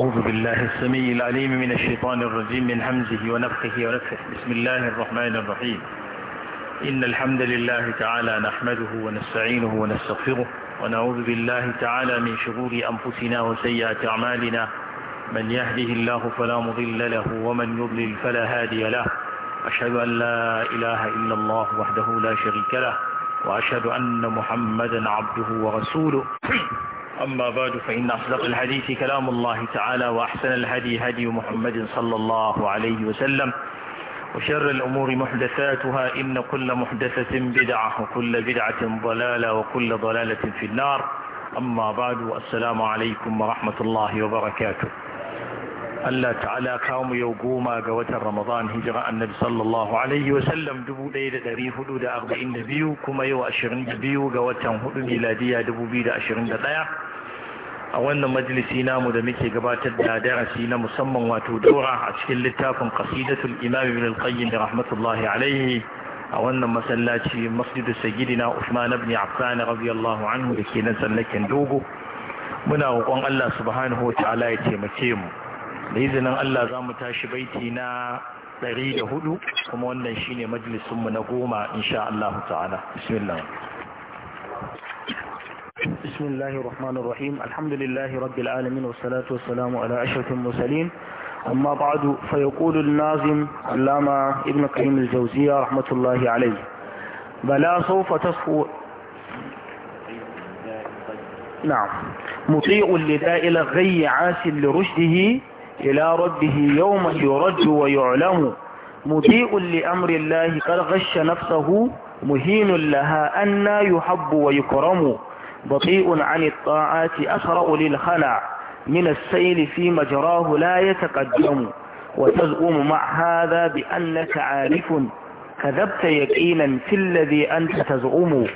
أعوذ بالله السميع العليم من الشيطان الرجيم من همزه ونفخه ونفخه بسم الله الرحمن الرحيم إن الحمد لله تعالى نحمده ونستعينه ونستغفره ونعوذ بالله تعالى من شرور أنفسنا وسيئات أعمالنا من يهده الله فلا مضل له ومن يضلل فلا هادي له أشهد أن لا إله إلا الله وحده لا شريك له وأشهد أن محمدا عبده ورسوله أما بعد فإن أصدق الحديث كلام الله تعالى وأحسن الهدي هدي محمد صلى الله عليه وسلم وشر الأمور محدثاتها إن كل محدثة بدعة وكل بدعة ضلالة وكل ضلالة في النار أما بعد والسلام عليكم ورحمة الله وبركاته Allah ta'ala kawo mu yau goma ga watan Ramadan hijira annabi sallallahu alaihi wa sallam 1442 kuma yau 22 ga watan 4 miladiya 2021 a wannan majalisi namu da muke gabatar da darasi na musamman wato dora a cikin littafin qasidatul imam ibn al-qayyim rahmatullahi alaihi a wannan masallaci masjidu sayyidina Uthman ibn Affan radiyallahu anhu dake nan sallakin dogo muna roƙon Allah subhanahu wa ta'ala ya taimake mu da izinin Allah za mu tashi baiti na ɗari da hudu kuma wannan shine majalisunmu na goma insha Allah ta'ala bismillah بسم الله الرحمن الرحيم الحمد لله رب العالمين والصلاة والسلام على أشرف المرسلين أما بعد فيقول الناظم علامة ابن قيم الجوزية رحمة الله عليه بلا سوف تصفو نعم مطيع لداء الغي عاس لرشده إلى ربه يوم يرج ويعلم مضيء لأمر الله قد غش نفسه مهين لها أنا يحب ويكرم بطيء عن الطاعات أسرأ للخلع من السيل في مجراه لا يتقدم وتزعم مع هذا بأنك عارف كذبت يقينا في الذي أنت تزعم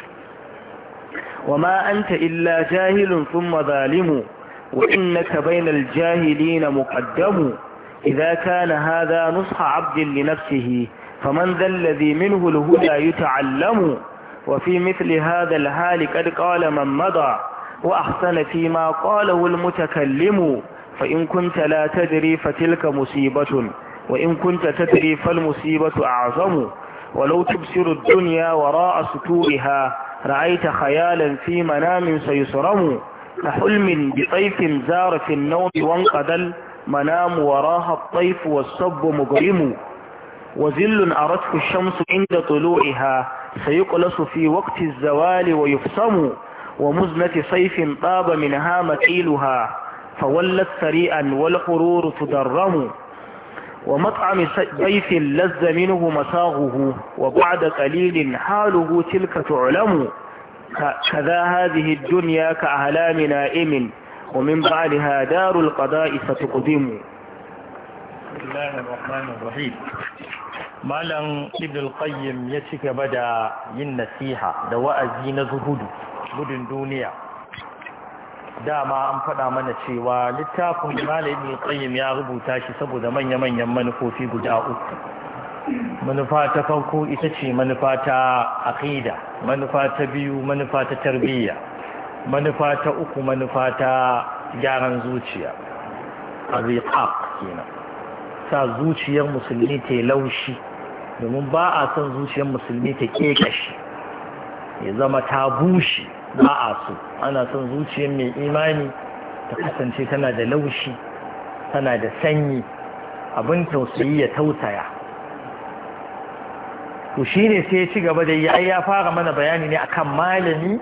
وما أنت إلا جاهل ثم ظالم وإنك بين الجاهلين مقدم إذا كان هذا نصح عبد لنفسه فمن ذا الذي منه الهدى يتعلم وفي مثل هذا الحال قد قال من مضى وأحسن فيما قاله المتكلم فإن كنت لا تدري فتلك مصيبة وإن كنت تدري فالمصيبة أعظم ولو تبصر الدنيا وراء سطورها رأيت خيالا في منام سيسرم كحلم بطيف زار في النوم وانقدل المنام وراها الطيف والصب مجرم وزل أردت الشمس عند طلوعها سيقلص في وقت الزوال ويفصم ومزنة صيف طاب منها مكيلها فولت سريعا والحرور تدرم ومطعم ضيف لذ منه مساغه وبعد قليل حاله تلك تعلم كذا هذه الدنيا كأهلام نائم ومن بعدها دار القضاء ستقدم بسم الله الرحمن الرحيم malam ibn qayyim ya ci gaba da yin nasiha da wa'azi na zuhudu gudun duniya dama an faɗa mana cewa littafin malam ibn qayyim ya rubuta shi saboda manya-manyan manufofi guda uku manufa ta farko ita ce manufa ta aƙida manufa ta biyu manufa ta tarbiyya manufa ta uku manufa ta gyaran zuciya aziqaq kenan sa zuciyar musulmi ta laushi domin ba a son zuciyar musulmi ta kekashi ya zama ta bushe ba a so ana son zuciyar mai imani ta kasance tana da laushi tana da sanyi abin tausayi ya tausaya to ne sai ci gaba da yi ya fara mana bayani ne akan malami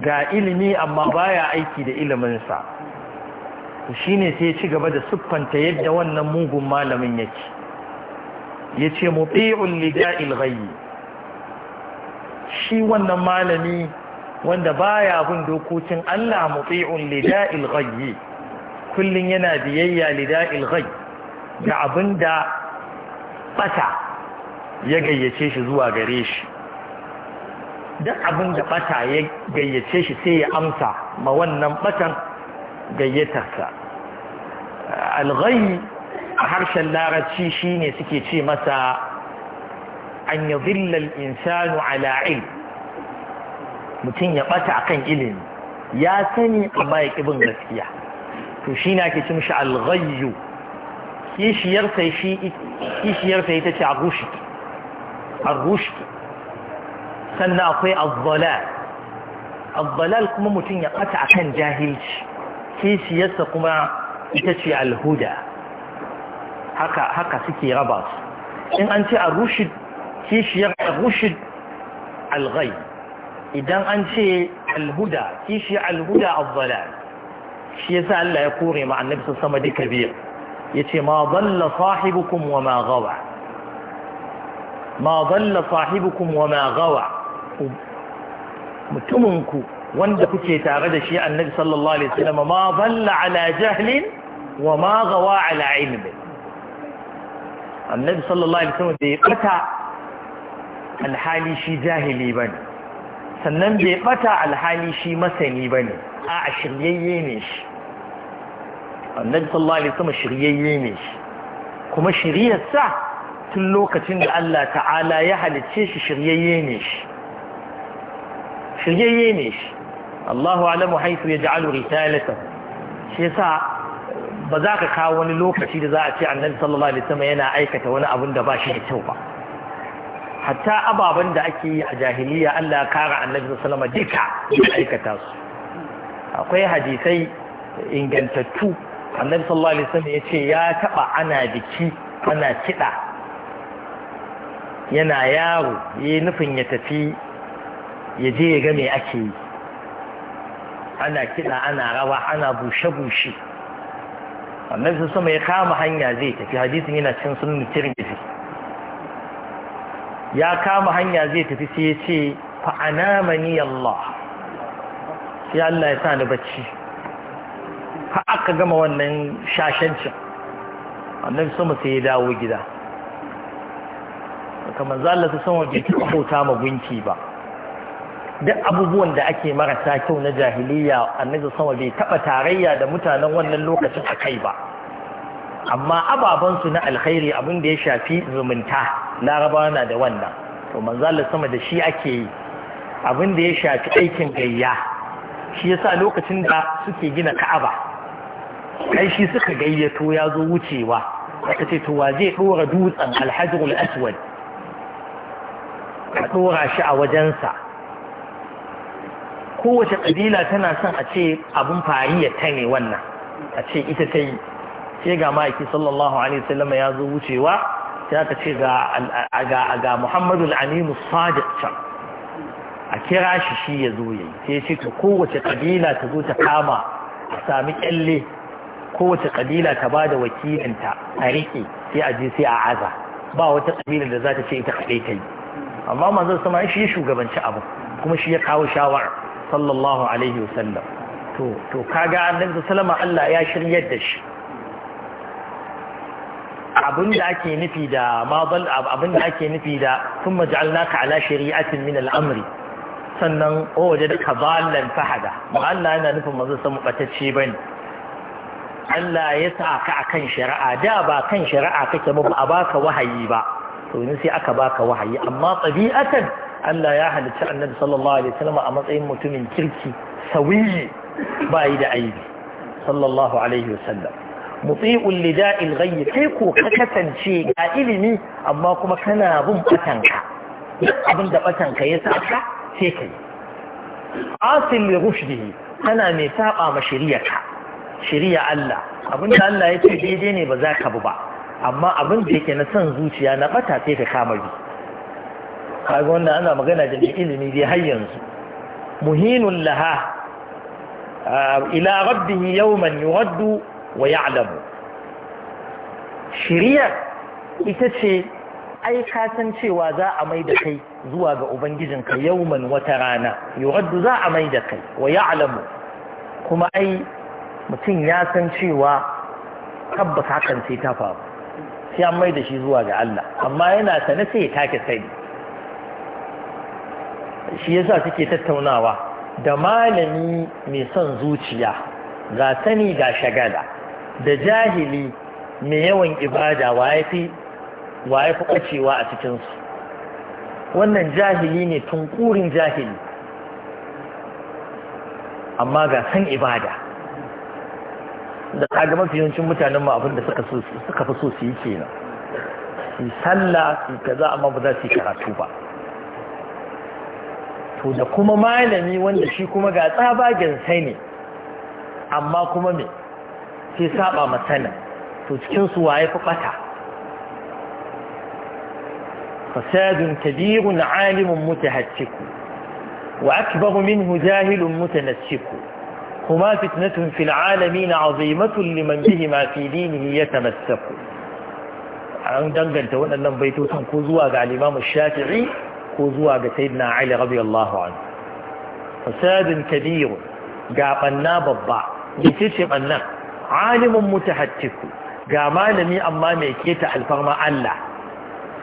ga ilimi amma baya aiki da iliminsa to ne sai ci gaba da siffanta yadda wannan mugun malamin yake yace muti'un lida'il ghayyi shi wannan malami wanda baya bin dokokin Allah muti'un lida'il ghayyi kullun yana biyayya lida'il ghayyi da abinda bata ya gayyace shi zuwa gare shi duk abin da bata ya gayyace shi sai ya amsa ma wannan batan gayyatarsa alghayi a harshen larabci shine suke ce masa an yadhilla insanu ala ilm mutum ya bata akan ilimi ya sani amma ya kibin gaskiya to shi na ke ce shi alghayyu kishiyarsa ita ce a ar-rushd sannan akwai az-zalal kuma mutum ya bata akan jahilci kishiyarsa kuma ita ce al haka haka suke raba in an ce ar-rushd kishiyar ar-rushd al idan an ce kishiyar al-huda az shi yasa Allah ya kore ma annabi yace ma dalla sahibukum wa ma ghawa ma zalla sahibukum wa ma gawa mutuminku wanda kuke tare da shi annabi sallallahu alaihi wasallam ma zalla ala jahlin wa ma gawa ala ilmi annabi sallallahu alaihi wasallam bai bata alhali shi jahili bane sannan bai bata alhali shi masani bane a shiryayye ne shi annabi sallallahu alaihi wasallam shiryayye ne shi kuma shiriyarsa tun lokacin da Allah ta'ala ya halicce shi shiryayye ne shi shiryayye ne shi Allahu alamu haifu ya ja'alu risalatan shi yasa ba za ka kawo wani lokaci da za a ce annabi sallallahu alaihi wasallam yana aikata wani abun da ba shi da kyau ba hatta ababen da ake yi a jahiliya Allah ya kara annabi sallallahu alaihi wasallam duka aikata su akwai hadisai ingantattu annabi sallallahu alaihi wasallam ce ya taba ana biki ana kiɗa yana yaro ya yi nufin ya tafi ya je ya ga me ake yi ana kiɗa ana rawa ana bushe-bushe wannan su sama ya kama hanya zai tafi hadisin yana cin sunan tirmidhi ya kama hanya zai tafi sai ya ce mani Allah sai Allah ya sa ni bacci fa aka gama wannan shashancin annabi sama sai ya dawo gida haka manzo Allah sai san wajen kyauta ma gunki ba duk abubuwan da ake marasa kyau na jahiliya annabi sama bai taba tarayya da mutanen wannan lokacin akai ba amma ababansu na alkhairi abin da ya shafi zumunta larabawa na da wannan to manzo Allah sama da shi ake yi abin da ya shafi aikin gayya shi yasa lokacin da suke gina Ka'aba kai shi suka gayyato ya zo wucewa aka ce to wa zai dora dutsen alhajarul aswad tura shi a wajensa kowace ƙabila tana son a ce abin fariya ta ne wannan a ce ita ta yi sai ga ma'aiki sallallahu alaihi wasallam ya zo wucewa sai aka ce ga muhammadu al'aminu sadiq can a kira shi shi ya zo ya yi sai ce kowace ƙabila ta zo ta kama a sami kyalle kowace ƙabila ta ba da wakilinta a riƙe sai a je sai a aza ba wata ƙabila da za ta ce ita kaɗai ta yi amma manzon sama shi ya shugabanci abu kuma shi ya kawo shawara sallallahu alaihi wasallam to to kaga annabi sallama Allah ya shiryar da shi abinda ake nufi da madal abinda ake nufi da thumma ja'alnaka ala shari'atin min al-amri sannan o wajen da kabalan fahada ba Allah yana nufin manzon sama batacce bane Allah ya sa ka akan shari'a da ba kan shari'a kake ba ba a baka wahayi ba domin sai aka baka wahayi amma tabi'atan Allah ya halicci annabi sallallahu alaihi wasallam a matsayin mutumin kirki sawiyi ba yi da aibi sallallahu alaihi wasallam muti'ul lida'il ghayb kai ko ka kasance ga ilimi amma kuma kana bin batanka abin da batanka ya saka sai kai asil li rushdihi kana mai saba ma shari'a shari'a Allah abinda Allah ya ce daidai ne ba za ka bu ba amma abin da yake na son zuciya na bata sai ka kama bi kaga wannan ana magana da ilimi dai har yanzu muhinun laha ila rabbihi yawman yuraddu wa ya'lamu shiriya ita ce ai ka san cewa za a mai da kai zuwa ga ka? yawman wata rana yuraddu za a mai da kai wa ya'lamu kuma ai mutum ya san cewa tabbata hakan sai ta faru sai an mai da shi zuwa ga Allah amma yana sane sai ya take sani shi yasa suke tattaunawa da malami mai son zuciya ga sani ga shagala da jahili mai yawan ibada wa ya fi ɓacewa a cikinsu wannan jahili ne tunkurin jahili amma ga san ibada da kaga mafi yawancin mutanen ma abin da suka fi so su yi kenan su sallah su kaza amma ba za su yi karatu ba to da kuma malami wanda shi kuma ga tsabagen sai ne amma kuma me sai saba masana to cikin su waye fi bata fasadun alimin alimun mutahattiku wa akbaru minhu jahilun ciku. هما فتنة في العالمين عظيمة لمن بهما في دينه يتمسك an danganta waɗannan baitotan ko zuwa ga al Shafi'i ko zuwa ga Sayyidina Ali radiyallahu fasadin kabir ga banna babba yace ce banna alimun mutahaddiku ga malami amma mai keta alfarma Allah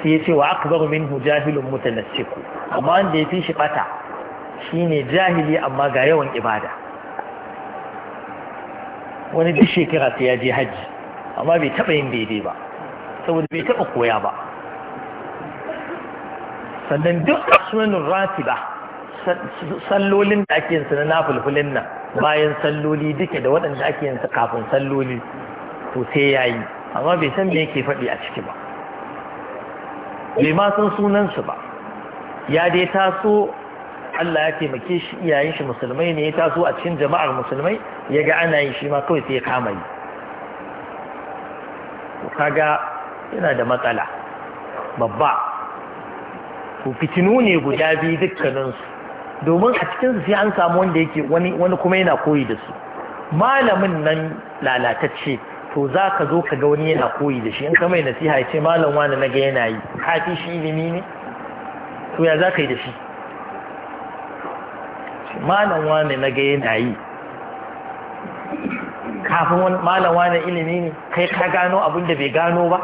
sai yace wa akbaru minhu jahilun mutanassiku amma da ya fi shi bata shine jahili amma ga yawan ibada wani duk shekara sai ya je hajji amma bai taɓa yin daidai ba saboda bai taɓa koya ba sannan duk asunanin rati ba sallolin da ake yinsa na nafulfulin nan bayan salloli duka da waɗanda ake yinsa kafin salloli to sai ya yi amma bai san me yake faɗi a ciki ba bai ma san sunansu ba ya dai taso Allah ya taimake shi iyayen shi musulmai ne ya taso a cikin jama'ar musulmai ya ga ana yi shi ma kawai sai ya kama yi kaga yana da matsala babba ku fitinu ne guda biyu dukkaninsu domin a cikinsu sai an samu wanda yake wani kuma yana koyi da su malamin nan lalatacce to za ka zo ka ga wani yana koyi da shi in ka mai nasiha ya ce malam wani na ga yana yi ka fi shi ilimi ne to ya za ka yi da shi ce malam wane na ga yana yi kafin malam wane ilimi ne kai ka gano abin da bai gano ba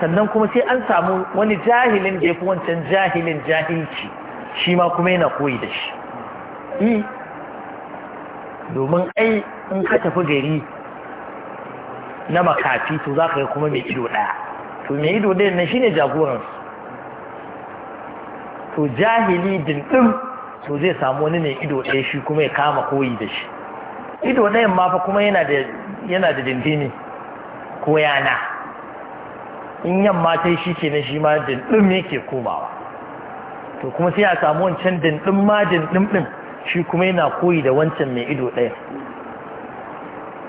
sannan kuma sai an samu wani jahilin da ya fi wancan jahilin jahilci shi ma kuma yana koyi da shi e, domin ai in ka tafi gari na makafi to za ka yi kuma mai ido ɗaya to mai ido ɗaya nan ne jagoransu to jahili dindin to zai samu wani ne ido ɗaya shi kuma ya kama koyi da shi ido ɗayan ma fa kuma yana da yana da dindini ko yana in yamma ta shi na shi ma dindim yake komawa to kuma sai a samu wancan dindin ma dindin din shi kuma yana koyi da wancan mai ido ɗaya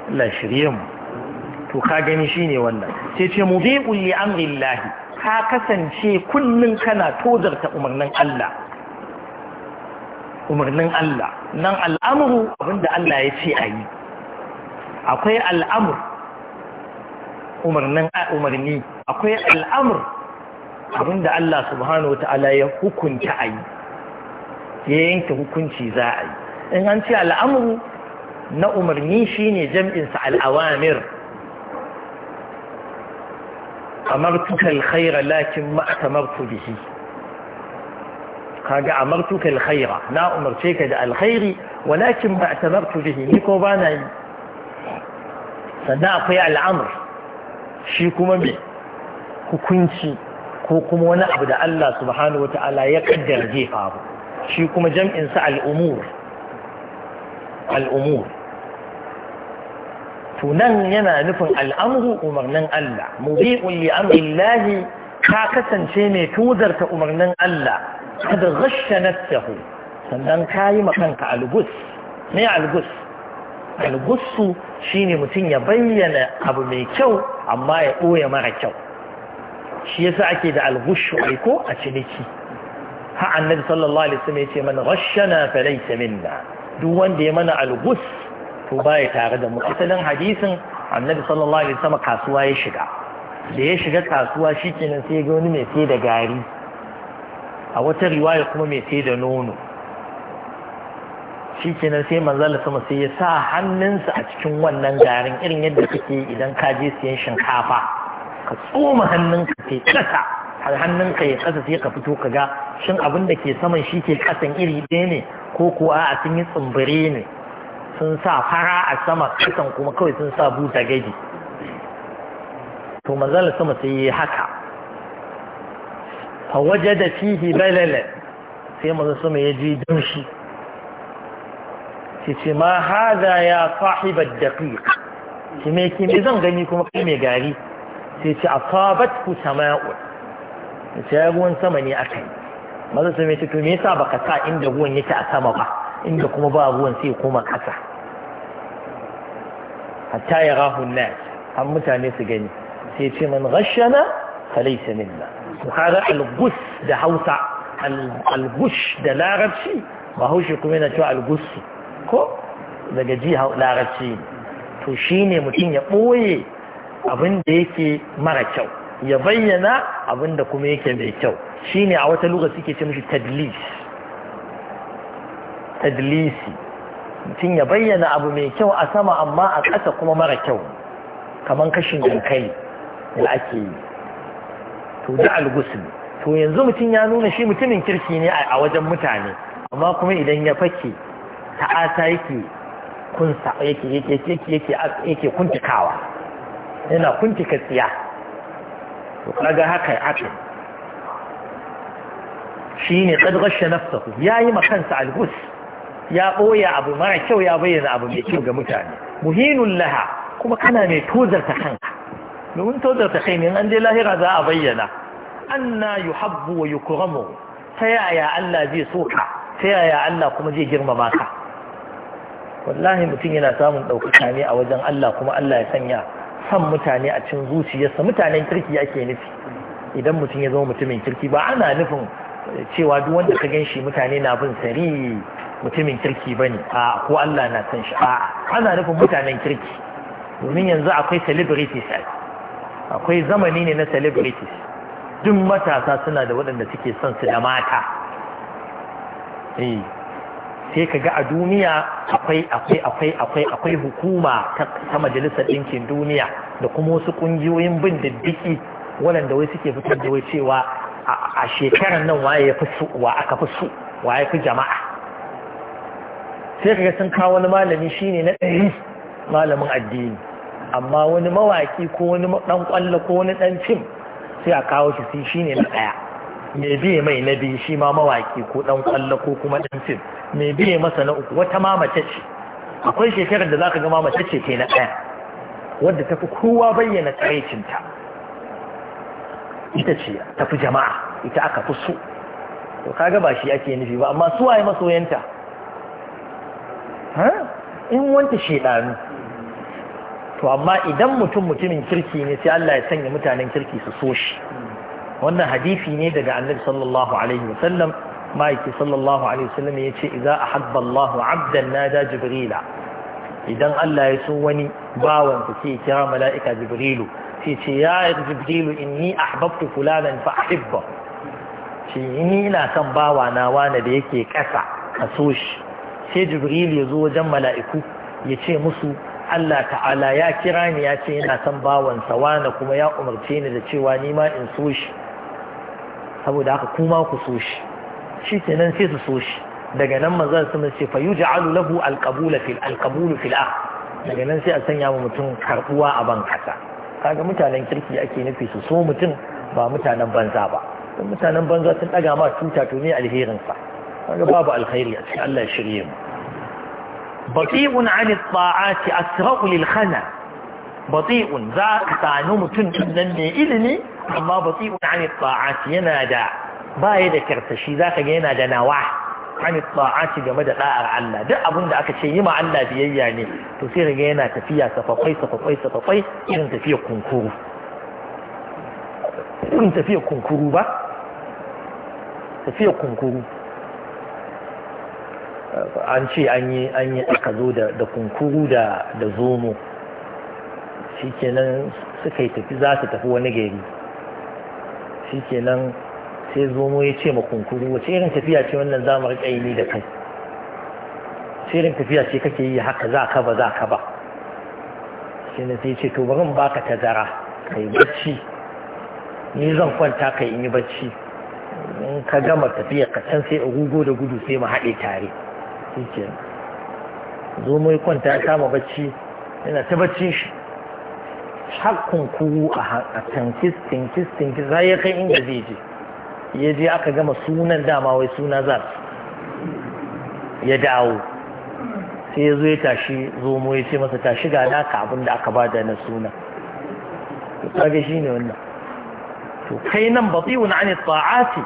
Allah shirye mu to ka gani shine wannan sai ce mu mubiqul li amrillah ka kasance kullun kana tozarta umarnin Allah umarnin Allah nan al'amuru abinda Allah ya ce a yi akwai al'amur umarni akwai al'amur abinda Allah subhanahu wa ta'ala ya hukunta a yi ya yanke hukunci za a yi in an ce al'amuru na umarni shine jam'insa al'awamir amartuka alkhaira lakin ma atamartu bihi kaga amartuka alkhaira na umarce ka da alkhairi walakin ba tabartu bihi ni ko ba na yi sannan akwai al'amr shi kuma me hukunci ko kuma wani abu da Allah subhanahu wata'ala ya kaddara zai faru shi kuma jam'in sa al'umur al'umur to nan yana nufin al'amru umarnin Allah mubi'un li amrillahi ka kasance mai tuzarta umarnin Allah kada ghashta nafsahu sannan ka yi kanka algus me algus algusu shine mutum ya bayyana abu mai kyau amma ya ɓoye mara kyau shi yasa ake da algushu aiko a ciniki ha annabi sallallahu alaihi wasallam yace mana ghashana falaysa minna duk wanda ya mana algus to baya tare da mu asalin hadisin annabi sallallahu alaihi wasallam kasuwa ya shiga da ya shiga kasuwa shikenan sai ga wani mai sai da gari a wata riwaya kuma mai sai da nono shikenan sai manzala sama sai ya sa hannunsa a cikin wannan garin irin yadda kake idan ka je siyan shinkafa ka tsoma hannunka sai kasa har hannunka ya kasa sai ka fito ka ga shin abin da ke saman shi ke kasan iri ɗaya ne ko kuwa a sun yi tsumbure ne sun sa fara a sama kasan kuma kawai sun sa buta gadi to manzala sama sai yi haka waje da fihi balala sai manzo sama ya ji damshi ce ma hada ya sahiba daqiq shi me ki zan gani kuma kai mai gari sai ce asabat ku sama'u sai ruwan sama ne akai manzo sama ya ce to me yasa baka sa inda ruwan yake a sama ba inda kuma ba ruwan sai kuma kasa hatta ya rahun nas har mutane su gani sai ce man ghashana falaysa minna to kaga al-ghus da Hausa al-ghush da Larabci Bahaushe kuma yana cewa al-ghus ko daga ji Larabci to shine mutum ya ɓoye abin da yake mara kyau ya bayyana abin da kuma yake mai kyau shine a wata lugha suke ce mishi tadlis tadlisi mutum ya bayyana abu mai kyau a sama amma a ƙasa kuma mara kyau kamar kashin kai da ake yi to da algusul to yanzu mutum ya nuna shi mutumin kirki ne a wajen mutane amma kuma idan ya fake ta'ata yake kunsa yake yake yake yake kuntikawa yana kuntika tsiya to kaga haka ya ne shine qad ghasha nafsahu yi makansa alghus ya boya abu mara kyau ya bayyana abu mai kyau ga mutane muhinun laha kuma kana mai tozarta kanka domin tozarta kai ne an je lahira za a bayyana anna yuhabbu wa yukramu ta yaya Allah zai so ka ta yaya Allah kuma zai girmama ka wallahi mutum yana samun ɗaukaka ne a wajen Allah kuma Allah ya sanya san mutane a cikin zuciyarsa mutanen kirki ake nufi idan mutum ya zama mutumin kirki ba ana nufin cewa duk wanda ka gan shi mutane na bin sari mutumin kirki ba ne a ko Allah na san shi a'a ana nufin mutanen kirki domin yanzu akwai celebrities akwai zamani ne na celebrities duk matasa suna da waɗanda suke son su da mata eh, sai kaga a duniya akwai akwai akwai akwai akwai hukuma ta majalisar ɗinkin duniya da kuma wasu ƙungiyoyin bin diddiki waɗanda wai suke fitar da wai cewa a shekaran nan waye ya fi su wa aka fi su waye fi jama'a sai kaga sun kawo wani malami shine na ɗari malamin addini amma wani mawaki ko wani dan kwallo ko wani dan fim sai a kawo shi sai shine na daya me biye mai na biyu shi ma mawaki ko dan kwallo ko kuma dan fim me biye masa na uku wata ma mace ce akwai shekarar da zaka ga ma mace ce ke na daya wadda ta fi kowa bayyana ta ita ce ta fi jama'a ita aka fi su to kaga ba shi ake nufi ba amma su waye masoyanta in wanta shedanu to amma idan mutum mutumin kirki ne sai Allah ya sanya mutanen kirki su so shi wannan hadisi ne daga annabi sallallahu alaihi wasallam ma'aiki sallallahu alaihi wasallam ya ce idza ahabba Allah 'abdan nada jibrila idan Allah ya so wani bawan ku sai kira mala'ika jibrilu sai ce ya jibrilu inni ahbabtu fulanan fa ahibba ce ni ina son bawa na wani da yake kasa ka so shi sai jibrilu ya zo wajen mala'iku ya ce musu Allah ta'ala ya kira ni ya ce yana son bawansa wane kuma ya umarce ni da cewa ni ma in so shi saboda haka kuma ku so shi shi kenan sai su so shi daga nan manzon sun ce fa yuj'alu lahu alqabul fil alqabul fil daga nan sai a sanya mu mutum karbuwa a ban kasa kaga mutanen kirki ake nufi su so mutum ba mutanen banza ba mutanen banza sun daga ma tuta to ne alherin sa kaga babu alkhairi a cikin Allah ya shirye mu bati'un an ta'ati asra'u lil khana bati'un za ka sanu mutum din nan ne ilimi amma bati'un an ta'ati yana da baya da karsashi zaka ga yana da nawa an ta'ati game da da'ar Allah duk abin da aka ce yi ma Allah biyayya ne to yana tafiya irin kunkuru irin kunkuru ba kunkuru an ce an yi an yi aka zo da kunkuru da da zomo shikenan suka yi tafi za su tafi wani gari shikenan sai zomo ya ce ma kunkuru wace irin tafiya ce wannan za mu riƙa yi ni da kai wace irin tafiya ce kake yi haka za ka ba za ka ba shi ne sai ce to bari mu baka tazara kai bacci ni zan kwanta kai in yi bacci in ka gama tafiya ka can sai agogo da gudu sai mu haɗe tare shi ke zo mai kwanta ya kama bacci yana ta bacci shi shakkun ku a tankis tinkis tinkis har ya kai inda zai je ya je aka gama sunan dama wai suna za ya dawo sai ya zo ya tashi zo mu ya ce masa tashi ga naka abin da aka bada na suna kage shi ne wannan to kai nan ba na an ta'ati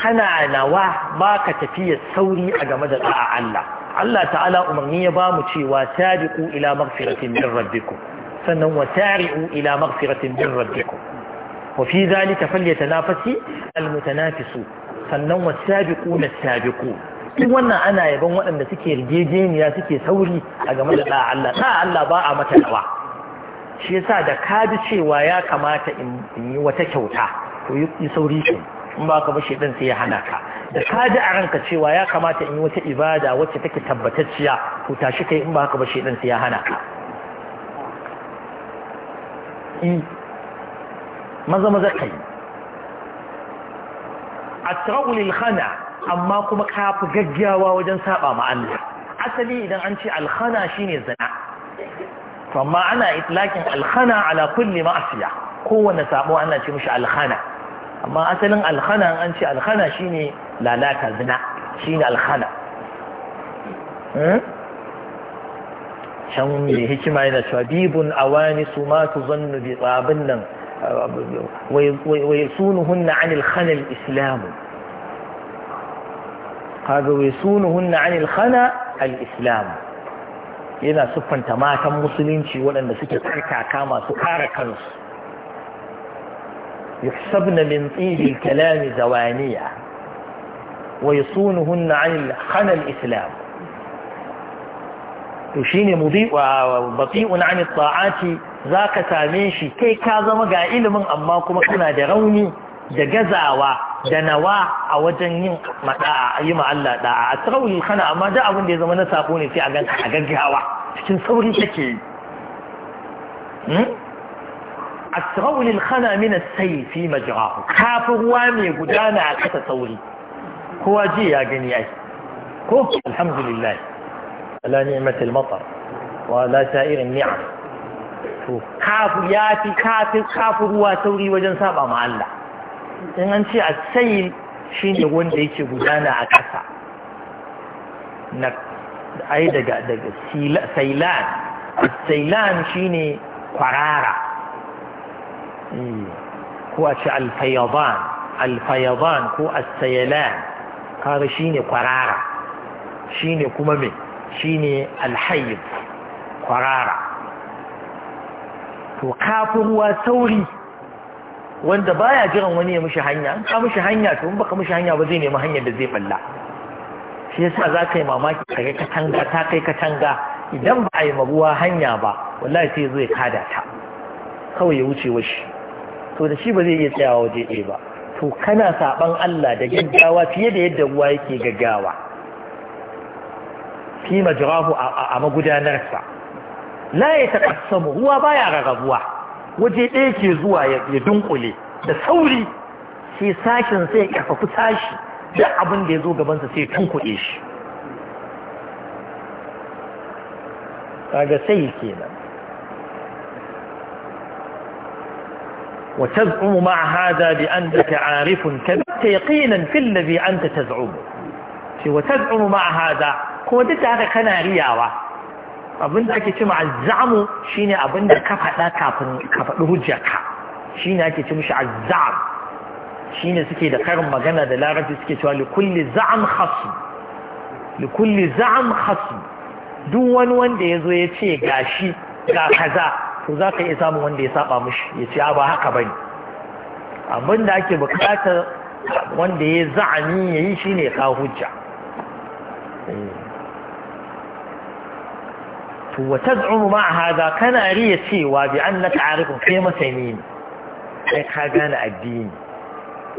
kana nawa ka tafiya sauri a game da da'a Allah Allah ta'ala umarni ya bamu cewa tabiqu ila maghfiratin min rabbikum sannan wa tari'u ila maghfiratin min rabbikum wa fi dhalika falyatanafasi almutanafisu sannan wa sabiquna sabiqu duk wannan ana yaban waɗanda suke rigejeniya suke sauri a game da da'a Allah da'a Allah ba a mata dawa shi yasa da ka bi cewa ya kamata in yi wata kyauta to yi sauri shi in ba ka ba shi sai ya hana ka da ka ji a ranka cewa ya kamata in yi wata ibada wacce take tabbatacciya to tashi kai in ba haka ba shedan sai ya hana ka e, maza maza kai amma kuma ka fi gaggawa wajen saba ma Allah asali idan an ce alkhana shine zina amma ana itlaqin alkhana ala kulli ma'asiya kowanne sabo ana ce mishi alkhana amma asalin alhana an ce alhana shine lalata zina shine alhana hmm? can mai hikima yana cewa bibun awani su ma zannu bi tsabin nan wai sunuhunna anil khanal islamu kaga wai sunuhunna anil khana al islamu yana siffanta matan musulunci waɗanda suke tsarkaka masu kare kansu يحسبن من طيب الكلام زوانية ويصونهن عن خنا الإسلام تشين مضيء وبطيء عن الطاعات ذاك ساميشي كي كاذا مقا علم أما كما كنا دروني دقزاوا دنوا أوجن ين مداعا أيما ألا داعا أترون الخنا أما دا أبن دي زمن ساقوني في أغن أغن جهوا تشين سوري تكي asra'u lil khana min as-sayl fi majrahu kafin ruwa mai gudana a kasa sauri kowa ji ya gani ya ai ko alhamdulillah ala ni'matil matar wa la sa'irin ni'am to kafu ya fi kafin kafin ruwa sauri wajen saba ma Allah in an ce as-sayl shine wanda yake gudana a kasa na ai daga daga sailan sailan shine kwarara ko a ce alfayaban alfayaban ko asayalan kaga shine kwarara shine kuma me shine Alhayib kwarara to kafin ruwa sauri wanda baya jiran wani ya mishi hanya an ka mishi hanya to in baka mishi hanya ba zai nemi hanyar da zai balla shi yasa za ka yi mamaki kai katanga ta kai katanga idan ba a yi maruwa hanya ba wallahi sai zai kada ta kawai ya wuce washi to da shi ba zai iya tsayawa waje ɗaya ba to kana saban Allah da gaggawa fiye da yadda ruwa yake gaggawa fi majirahu a magudanarsa la ya taqassamu ruwa baya rarrabuwa waje ɗaya ke zuwa ya dunkule da sauri sai sashin sai ya karfafi tashi duk abin da ya zo gabansa sai tunkuɗe shi kaga sai kenan وتزعم مع هذا بأنك عارف كذبت يقينا في الذي أنت تزعمه وتزعم مع هذا هو دت هذا كان رياوة abin da ake ce ma azzamu ne abin da ka faɗa kafin ka faɗi hujjarka shine ake ce mishi azzam ne suke da karin magana da larabci suke cewa li kulli za'am khasm li kulli za'am khasm duk wani wanda ya zo, ya ce "Ga shi, ga kaza to za ka iya samun wanda ya saba mushi ya ce ba haka bane abin da ake bukatar wanda ya za'ani ya yi shi ne ka hujja to wa taz'umu ma haza kana riya cewa bi annaka arifun kai masani ne sai ka gane addini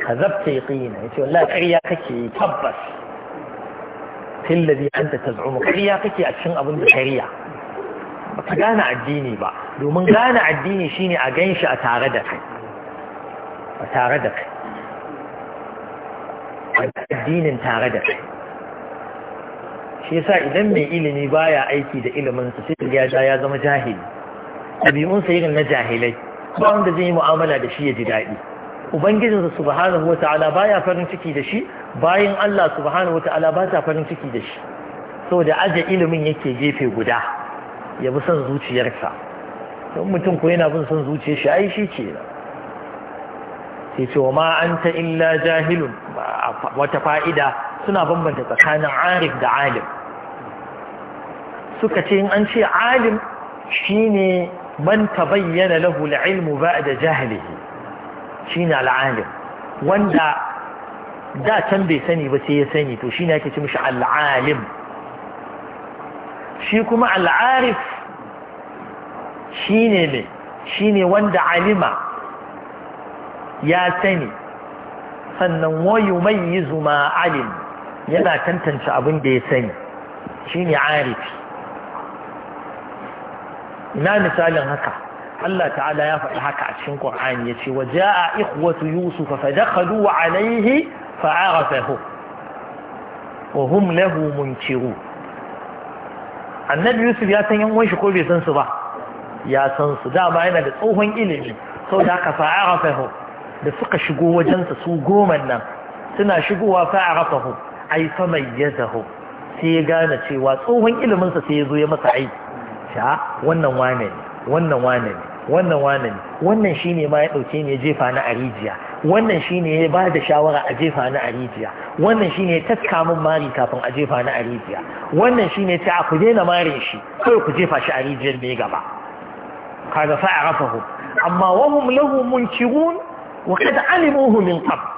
ka zabta yaqina yace wallahi ƙarya kake tabbas fil ladhi ta taz'umu ƙarya kake a cikin abin da ƙarya Baka gane addini ba domin gane addini shine a gan shi a tare da kai a tare da kai addinin tare da kai shi yasa idan mai ilimi baya aiki da iliminsa sai ya ja ya zama jahili ɗabi'unsa irin na jahilai ba wanda zai yi mu'amala da shi ya ji daɗi ubangijinsa subhanahu wata'ala baya farin ciki da shi bayan Allah subhanahu wata'ala ba ta farin ciki da shi da aje ilimin yake gefe guda ya bi son zuciyarsa don mutum ko yana bin son zuciyar shi ai shi ke ce wa ma an ta illa jahilun wata fa'ida suna bambanta tsakanin arif da alim suka ce in an ce alim shine man bayyana lahu al-ilmu da jahili shi ne al'alim wanda da can bai sani ba sai ya sani to shi ne ake ce mishi al'alim shi kuma al'arif shi ne ne shi ne wanda alima ya sani sannan wayo mai yi zuma alim yana tantance abin da ya sani shi ne arifi ina misalin haka Allah ta'ala ya faɗi haka a cikin Qur'ani ya ce waje a ikhwatu yusuf fa dakhalu alayhi fa arafahu wa hum lahu munkirun annabi yusuf ya san yan uwan shi ko bai san su ba ya san su dama yana da tsohon ilimi sau da aka fa'arafahu da suka shigo wajensa su goma nan suna shigowa fa'arafahu ai fa mayyazahu sai ya gane cewa tsohon iliminsa sai ya zo ya masa aiki sha wannan wane ne wannan wane ne wannan wane ne wannan shine ma ya dauke ne ya jefa na arijiya wannan shine ya ba da shawara a jefa na a rijiya wannan shine ya taska min mari kafin a jefa na a rijiya wannan shine ta a ku daina marin shi kawai ku jefa shi a rijiyar mai gaba kaga fa arafahu amma wahum lahu munkirun wa qad alimuhu min qabl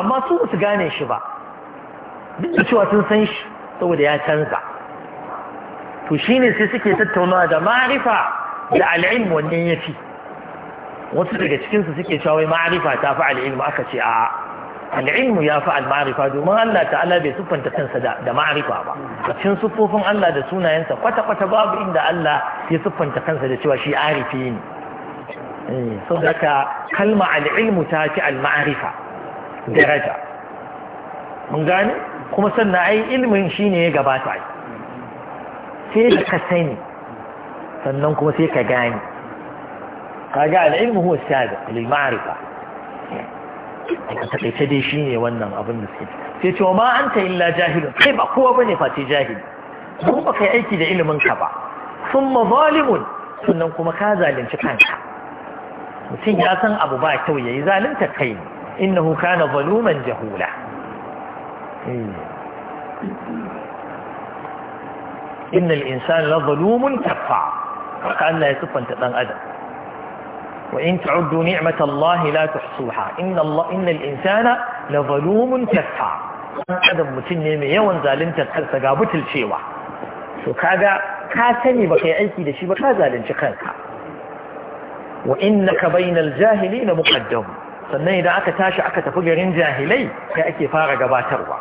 amma su su gane shi ba duk da cewa sun san shi saboda ya canza to shine sai suke tattaunawa da ma'rifa da al'ilm wannan yafi wasu daga cikinsu suke cewa ma'arifa ta fi al'ilmu aka ce a al'ilmu ya fi al-ma'arifa domin Allah ta'ala bai siffanta kansa da ma'arifa ba a cikin siffofin Allah da sunayensa kwata-kwata babu inda Allah ya siffanta kansa da cewa shi arifi ne eh, so daga kalma al'ilmu ta fi al-ma'arifa daraja mun gane kuma sannan ai ilmin shi ne ya gabata sai da ka sani sannan kuma sai ka gane kaga al'ilmu huwa sabiq lil ma'rifa takaice dai shine wannan abin da suke sai ce ma anta illa jahilun kai ba kowa bane face jahili kuma ba kai aiki da ilimin ka ba thumma zalimun sannan kuma ka zalunci kanka mutum ya san abu ba kyau ya yi zalunta kai innahu kana zaluman jahula hmm. innal insana la zalumun kaffar haka Allah ya siffanta dan adam وإن تعدوا نعمة الله لا تحصوها إن, الله إن الإنسان لظلوم كفار هذا متن mai yawan zaluntar kansa ga butulcewa to kaga ka sani ba kai aiki da shi ba ka zalunci kanka wa innaka bainal jahilin muqaddam sannan idan aka tashi aka tafi garin jahilai kai ake fara gabatarwa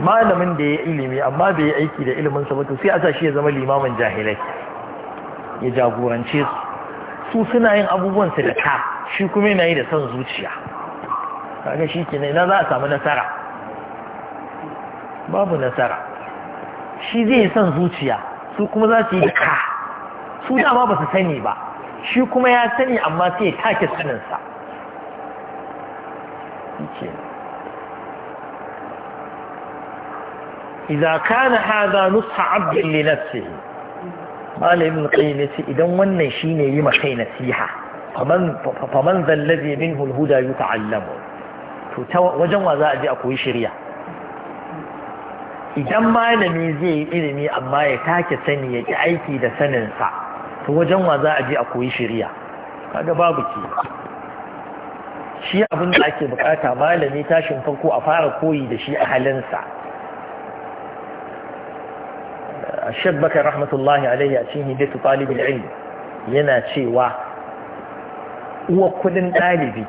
malamin da ya ilimi amma bai yi aiki da ilimin sa ba to sai a sa shi ya zama limamin jahilai ya jagorance su su suna yin abubuwan su da ka shi kuma yana yi da son zuciya kaga shi ke na za a samu nasara babu nasara shi zai yi son zuciya su kuma za su yi da ka su dama ba su sani ba shi kuma ya sani amma sai ya take saninsa إذا كان هذا نصح عبد لنفسه malamin qayyim yace idan wannan shine yi ma kai nasiha faman faman zallazi minhu alhuda yuta'allamu to ta wajen wa za a je a koyi shirya idan malami zai yi ilimi amma ya take sani ya ki aiki da saninsa to wajen wa za a je a koyi shirya kaga babu ke shi abin da ake bukata malami tashin farko a fara koyi da shi a halinsa shabbaka rahmatullahi alaihi a cikin hidayatu talibul ilmi yana cewa uwa kudin ɗalibi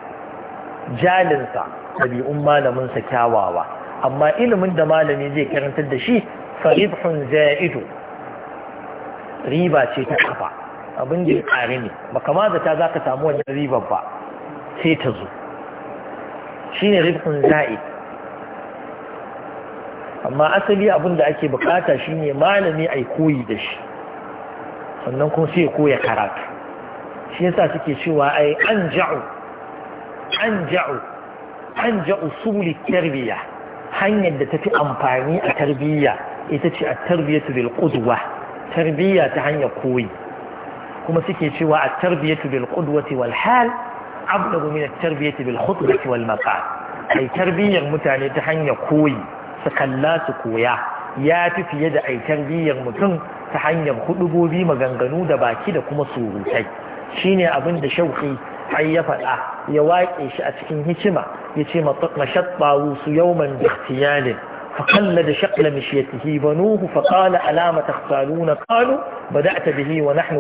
jalinsa ɗabi'un malaminsa kyawawa amma ilimin da malami zai karantar da shi faribhun za'idu riba ce ta kafa abin da ya ƙare ne ba kama da ta za ka samu wani ribar ba sai ta zo shi ne ribhun za'id amma asali abin da ake bukata shine malami ai koyi da shi sannan kuma sai koya karatu shi yasa suke cewa ai an ja'u an ja'u an ja'u suli tarbiya hanyar da tafi amfani a tarbiyya ita ce a tarbiyatu bil qudwa tarbiyya ta hanyar koyi kuma suke cewa a tarbiyatu bil qudwati wal hal ablagu gumi na tarbiyati bil khutbati wal maqal ai tarbiyyar mutane ta hanyar koyi su kalla su koya ya fi fiye da aitar tarbiyyar mutum ta hanyar hudubobi maganganu da baki da kuma surutai shine abin da shauki ai ya faɗa ya waƙe shi a cikin hikima ya ce mashaɓɓawu su yauman da ihtiyalin فقلد شقل مشيته بنوه فقال ألا ما تختالون قالوا بدأت به ونحن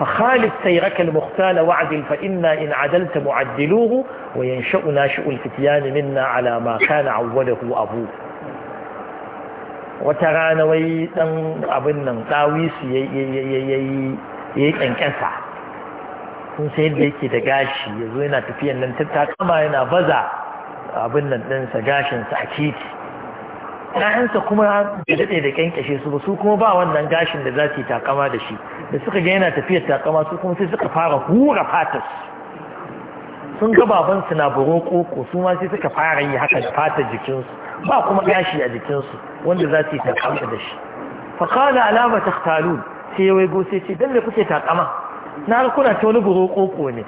فخالف سيرك المختال وعدل فإنا إن عدلت معدلوه وينشأ ناشئ الفتيان منا على ما كان عوده أبوه wata rana wai dan abin nan ɗawisu ya yi ƙyanƙyasa sun sai yadda yake da gashi ya zo yana tafiyan nan ta kama yana baza abin nan ɗinsa gashinsa a titi ƴaƴansa kuma bai daɗe da kyankyashe su ba su kuma ba wannan gashin da za su yi takama da shi da suka ga yana tafiyar takama su kuma sai suka fara hura fatar sun ga babansu na buro koko su ma sai suka fara yi haka da fatar jikinsu ba kuma gashi a jikinsu wanda za su yi takama da shi fakala alama ta talun sai ya waigo sai ce dan da kuke takama na kuna ta wani buro koko ne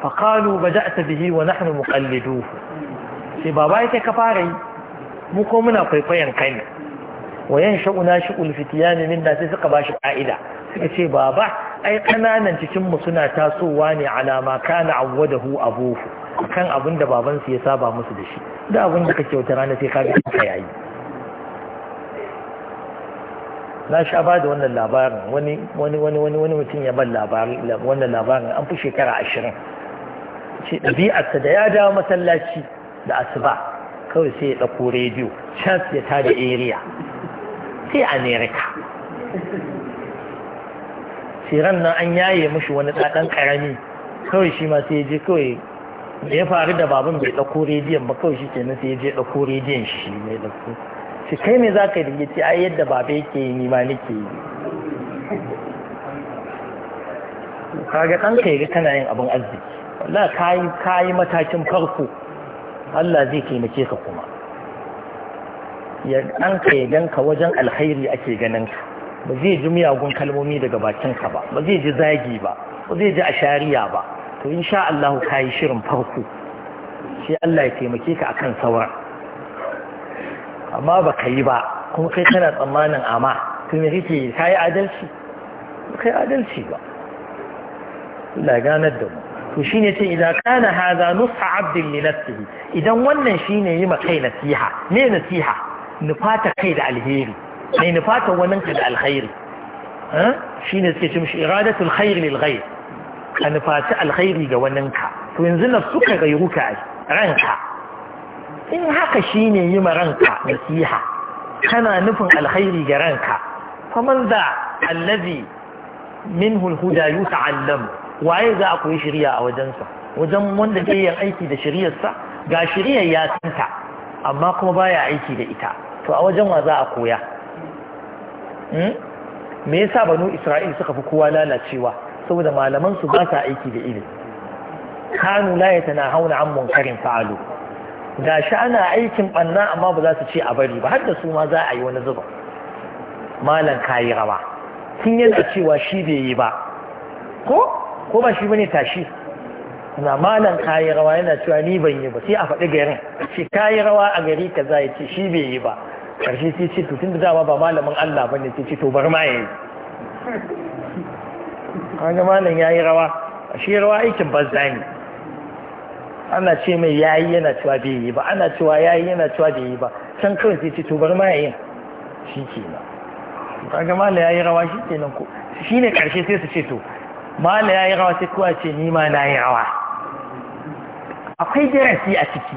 fakalu ba ta bihi wa nahnu muqalliduhu sai baba yake ka fara yi mu ko muna kwaikwayon kai ne wayan sha'una shi'ul fitiyani min da sai suka bashi ka'ida suka ce baba ai kananan cikin mu suna tasowa ne alama kana awwadahu abuhu kan abin da baban su ya saba musu da shi da abin da kake wata rana sai ka ga ka yayi na sha ba da wannan labarin wani wani wani wani wani mutum ya ban labarin wannan labarin an fi shekara ashirin ce ɗabi'arsa da ya dawo masallaci da asuba kawai sai ya ɗauko rediyo can ya tada area sai america siran nan an yaye mashi wani ɗaɗan ƙarami kawai shi ma sai ya je kawai ya faru da baban bai ɗauko rediyon ba kawai shi kenan sai ya je ɗauko rediyon shi mai ɗauko shi kai me za ka yi ce ai yadda baba yake yi ni ma nake yi kaga ɗanka ya ga kana yin abin arziki wallahi kayi matakin farko Allah zai taimake ka kuma ya an ka ka wajen alkhairi ake ganin ka ba zai ji miyagun kalmomi daga bakin ka ba ba zai ji zagi ba ba zai ji ashariya ba to insha Allah ka yi shirin farko sai Allah ya taimake ka akan sauran amma ba ka yi ba kuma kai kana tsammanin amma to me kake ka adalci ba kai adalci ba Allah ganar da mu to shine ce idan kana haza nusha abdin li idan wannan shine yi ma kai nasiha ne nasiha nufata kai da alheri ne nufata wannan ka da alkhairi shine suke ce mishi iradatul khair lil ghayr ka nufaci alheri ga wannan ka to yanzu nafsuka gairuka ranka in haka shine yi ma ranka nasiha kana nufin alheri ga ranka faman da allazi minhu alhuda yuta'allamu waye za a koyi shirya a wajensa wajen wanda zai yin aiki da shari'arsa ga shari'ar ya santa amma kuma baya aiki da ita to a wajen wa za a koya hmm? me yasa banu isra'il suka fi kowa lalacewa saboda malaman su ba sa aiki da ilimi kanu la hauna an munkarin fa'alu Ga shi ana aikin banna amma ba za su ce a bari ba har da su ma za a yi wani zuba malam kayi rawa tun yana cewa shi bai yi ba ko ko ba shi bane tashi na malan kayi rawa yana cewa ni ban yi ba sai a faɗi garin shi kayi rawa a gari ka za ce shi bai yi ba karshe sai ce tutun da dama ba malamin Allah ba ne ce to bar ma ya yi. yayi malan malam yi rawa a shi rawa aikin za ne ana ce mai yayi yana cewa bai yi ba ana cewa yayi yana cewa bai yi ba can kawai sai ce to bar ma ya yi shi ke kenan malan malam yi rawa shi ke nan ko ne karshe sai su ce to mala ya yi rawa sai kowa ce ni ma na yi rawa akwai darasi a ciki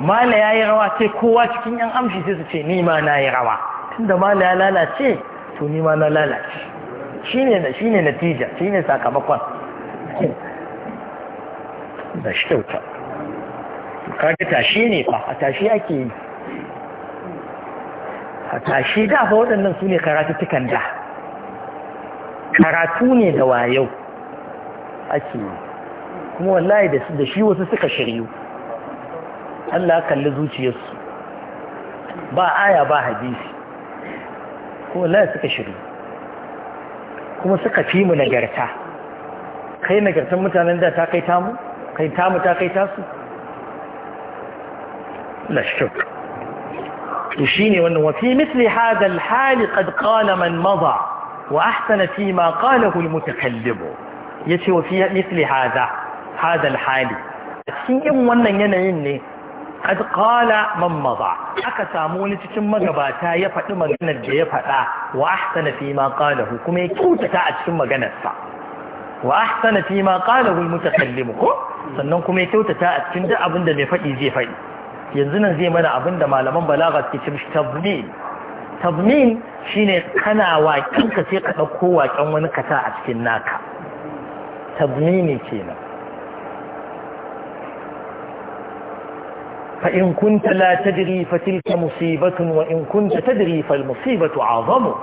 mala ya yi rawa sai kowa cikin yan amshi sai su ce ni ma na yi rawa tunda mala ya lalace to ni ma na lalace shine shine natija shine sakamakon da shi kyauta kaga tashi ne fa a tashi ake yi a tashi da fa waɗannan su ne karatuttukan da karatu ne da wayo ake yi kuma wallahi da shi wasu suka shiryu Allah kalli zuciyarsu ba aya ba hadisi kuma wallahi suka shiryu kuma suka fi mu nagarta kai nagartar mutanen da ta kai tamu kai tamu ta kai tasu lashuk to ne wannan wa fi misli hadha al-hali qad qala man madha وأحسن فيما قاله المتكلم يتي وفي مثل هذا هذا الحال سيئ ونن ينين قد قال من مضى aka samu wani cikin magabata ya faɗi maganar da ya faɗa wa ahsana fi ma qalahu kuma ya kyautata a cikin maganarsa wa ahsana fi ma qalahu mutakallim ko sannan kuma ya kyautata a cikin duk abin da mai faɗi zai faɗi yanzunan zai mana abin da malaman balaga suke cewa tabdil tabmin shine kana waƙin ka sai ka dauko waƙen wani kasa a cikin naka tabmini kenan fa in kunta la tadri fa tilka musibatun wa in kunta tadri fal musibatu azamu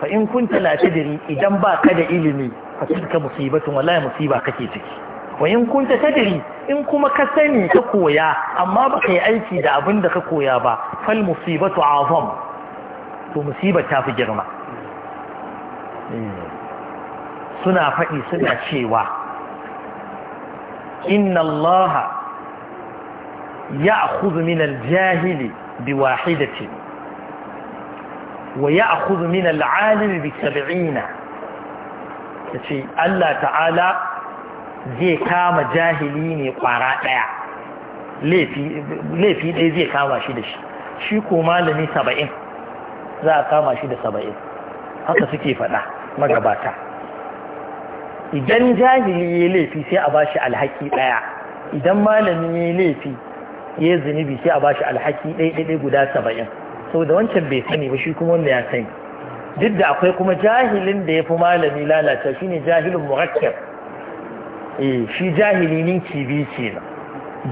fa in kunta la tadri idan ba ka da ilimi fa tilka musibatun wallahi musiba kake ciki wa in kunta tadri in kuma ka sani ka koya amma baka yi aiki da abin da ka koya ba fal musibatu azamu to musibar ta fi girma suna faɗi suna cewa inna Allah ya min al-jahili bi wahidati wa ya min al bi sab'ina ce Allah ta'ala zai kama jahili ne ƙwara ɗaya laifi ɗaya zai kama shi da shi shi ko malami saba'in za a kama shi da saba'in haka suke faɗa magabata idan jahili ya laifi sai a ba shi alhaki ɗaya idan malami ya laifi ya zunubi sai a ba shi alhaki ɗaiɗaiɗai guda saba'in sau da wancan bai sani ba shi kuma wanda ya sani duk da akwai kuma jahilin da ya fi malami lalata shine jahilin murakkab eh, shi jahili nin biyu kenan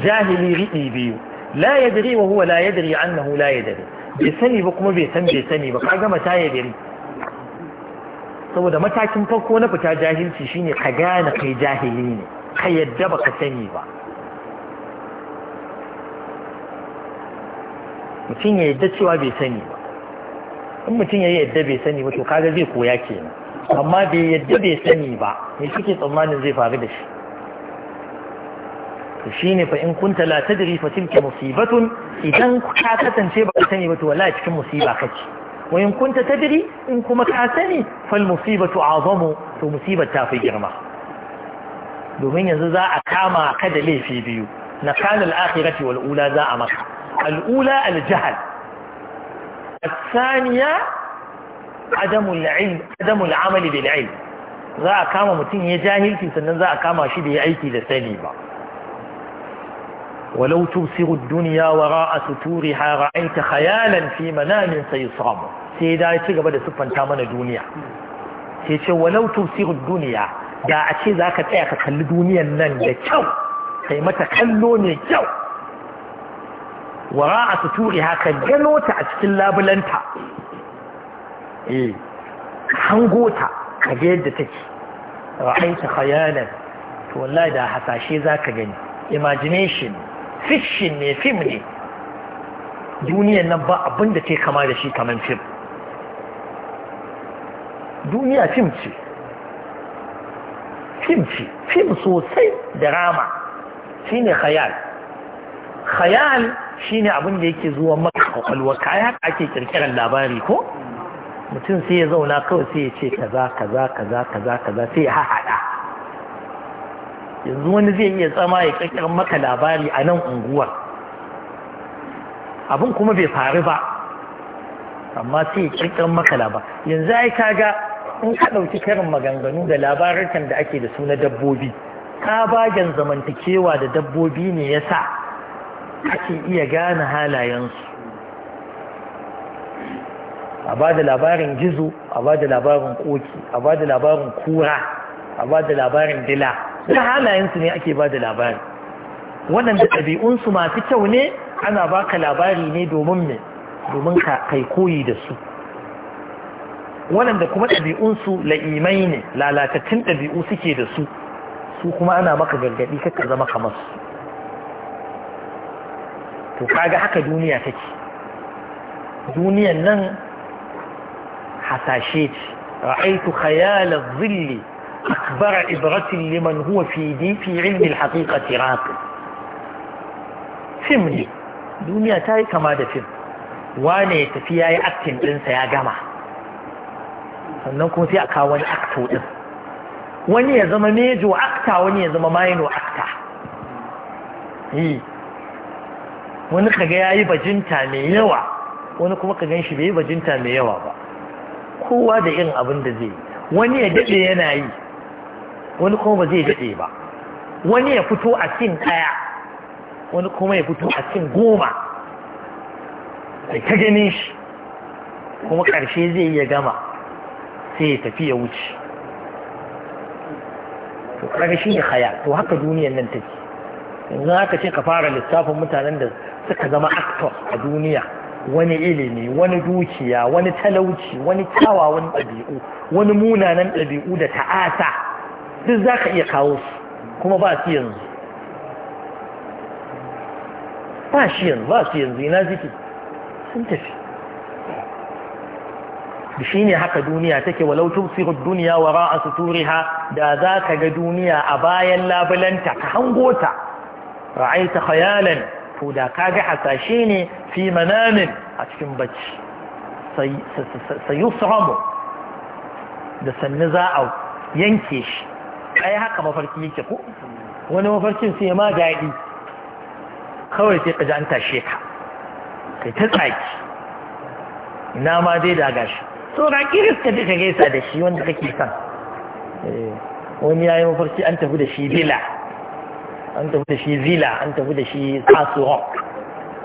jahili riɗi biyu la yadri wa huwa la yadri annahu la yadri bai sani ba kuma bai san bai sani ba ka gama taye biri saboda matakin farko na fita jahilci shine ka gane kai jahili ne ka yadda ba ka sani ba mutum ya yadda cewa bai sani ba in mutum ya yadda bai sani ba to kaga zai koya kenan amma bai yadda bai sani ba me kike tsammanin zai faru da shi shine fa in kunta la tadri fa tilka musibatun idan ka kasance ba ka sani ba to wallahi cikin musiba kake wa in kunta tadri in kuma ka sani fal musibatu azamu to musibar ta fi girma domin yanzu za a kama ka da laifi biyu na kana al-akhirati wal ula za a maka al-ula al-jahl al-thaniya الثانية عدم العلم عدم bil ilm za a kama mutum ya jahilci sannan za a kama shi da ya aiki da sani ba ولو تبصر الدنيا وراء سطورها رأيت خيالا في منام سيصاب سيدا يتيغ بدا سبحان تامن الدنيا سيدا ولو تبصر الدنيا دا أشي ذاك تأخذ خل دنيا نن دا كو قيمة خلوني كو وراء ستورها كجنوتا أشكل لابلنتا إيه هنغوتا كجيد تكي رأيت خيالا والله دا حساشي ذاك جني imagination Fishin ne fim ne duniyan nan ba abin da ke kama da shi kamar fim duniya fim ce fim ce fim sosai da rama shi ne khayal khayal shi ne abin yake zuwa maka kwakwalwa kayan ake kirkirar labari ko mutum sai ya zauna kawai sai ya ce kaza kaza kaza kaza kaza sai ya haɗa yanzu wani zai iya tsama ya kakkar maka labari a nan unguwar abin kuma bai faru ba amma sai ya kakkar maka labari yanzu ai ka ga in ka ɗauki karin maganganu da labarukan da ake da su na dabbobi kabagen zamantakewa da dabbobi ne ya sa ake iya gane halayen su a ba da labarin gizo a ba da labarin koki a ba da labarin kura a ba da labarin dila da halayensu ne ake ba da labari waɗanda ɗabi'unsu masu kyau ne ana baka labari ne domin me domin kai koyi da su waɗanda kuma ɗabi'unsu la'imai ne lalatattun ɗabi'u suke da su su kuma ana maka gargaɗi kakka zama kamar su to kaga haka duniya take duniyan nan hasashe ce ra'aitu khayala zille. أكبر إبرة لمن هو في دي في علم الحقيقة راقب fim ne duniya ta yi kama da fim wane ya tafi ya yi aktin ɗinsa ya gama sannan kuma sai a kawo wani akto ɗin wani ya zama mejo akta wani ya zama maino akta wani kaga ya yi bajinta mai yawa wani kuma ka bai yi bajinta mai yawa ba kowa da irin abin da zai yi wani ya daɗe yana yi wani kuma ba zai daɗe ba wani ya fito a cin ɗaya wani kuma ya fito a cin goma sai ka ganin shi kuma ƙarshe zai iya gama sai ya tafi ya wuce to ƙarfi shi ne haya to haka duniyar nan take yanzu haka ce ka fara lissafin mutanen da suka zama actor a duniya wani ilimi wani dukiya wani talauci wani kyawawan ɗabi'u wani munanan ɗabi'u da ta'asa duk za ka iya kawo su kuma ba su yanzu ba shi yanzu ba su yanzu ina ziki sun tafi shi ne haka duniya take walau tubsiru duniya wa ra'a suturiha da za ka ga duniya a bayan labulanta ka hango ta ra'aita khayalan to da ka ga hasashe ne fi manamin a cikin bacci ramu da sannu za a yanke shi ai haka mafarki yake ko wani mafarkin sai ma daɗi kawai sai ka ji an tashe ka kai ta tsaki ina ma dai da gashi so ga kiris ka ka gaisa da shi wanda kake son eh, wani yayi mafarki an tafi da shi zila an tafi da shi zila an tafi da shi tsaso rock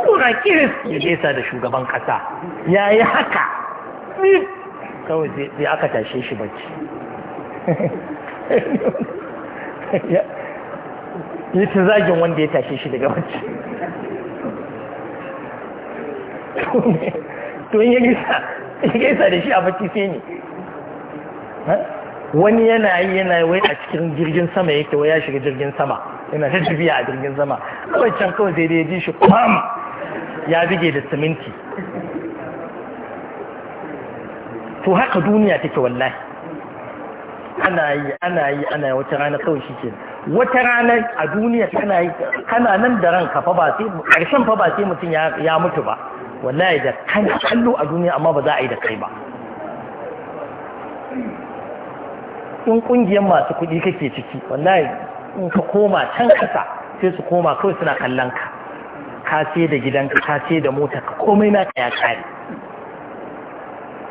so na kiris ya gaisa da shugaban kasa yayi haka kawai sai aka tashe shi bacci yi ta zagin wanda ya tashe shi daga wacce to yi ya gaisa da shi a bacci sai ne wani yana yi yana wai a cikin jirgin sama yake wai ya shiga jirgin sama yana ta tafiya a jirgin sama kawai can kawai sai dai ji shi kwam ya bige da siminti to haka duniya take wallahi ana yi ana yi ana yi wata rana kawai shi ke wata rana a duniya kana yi kana nan da ranka fa ba sai karshen fa ba sai mutum ya mutu ba wallahi da kan kallo a duniya amma ba za a yi da kai ba in kungiyar masu kuɗi kake ciki wallahi in ka koma can kasa sai su koma kawai suna kallon ka ka sai da gidanka ka sai da mota ka komai ka ya kare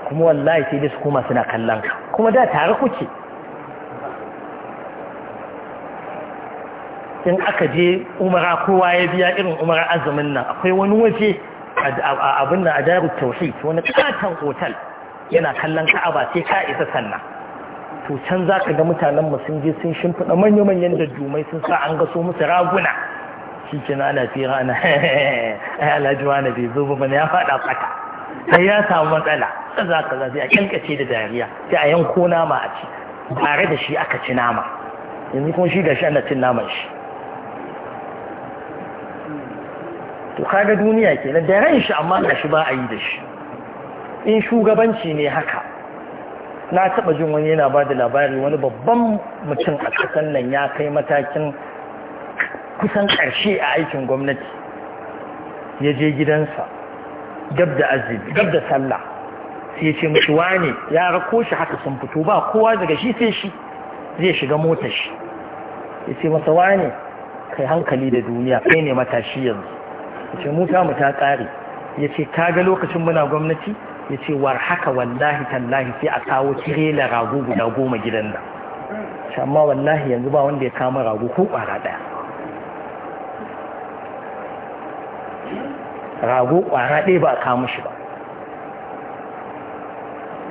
kuma wallahi sai dai su koma suna kallon ka kuma da tare kuke in aka je umara kowa ya biya irin umara azumin nan akwai wani waje abin nan a daru tauhid wani katon otal yana kallon ka'aba sai ka isa sannan to can za ka ga mutanen sun je sun shimfiɗa manya-manyan da jumai sun sa an gaso musu raguna shi ke na ana fira ana eh, eh, alajuwa na bai zo ba ya faɗa fata sai ya samu matsala sai za ka sai a kyankace da dariya sai a yanko nama a ci tare da shi aka ci nama yanzu kuma shi da shi ana cin naman shi to kaga duniya kenan da ran shi amma da shi ba a yi da shi in shugabanci ne haka na taɓa jin wani yana ba da labari wani babban mutum a ƙasar nan ya kai matakin kusan ƙarshe a aikin gwamnati ya je gidansa gab da azumi gab da sallah sai ya ce mishi wani ya rako shi haka sun fito ba kowa daga shi sai shi zai shiga motar shi ya ce masa wani kai hankali da duniya kai ne matashi yanzu ce Musa mu ta tsari, ya ce kaga lokacin muna gwamnati ya ce war haka wallahi tallahi sai a kawo tirela rago guda goma gidan nan amma wallahi yanzu ba wanda ya kama rago ko kwara daya rago kwara ɗaya ba a kama shi ba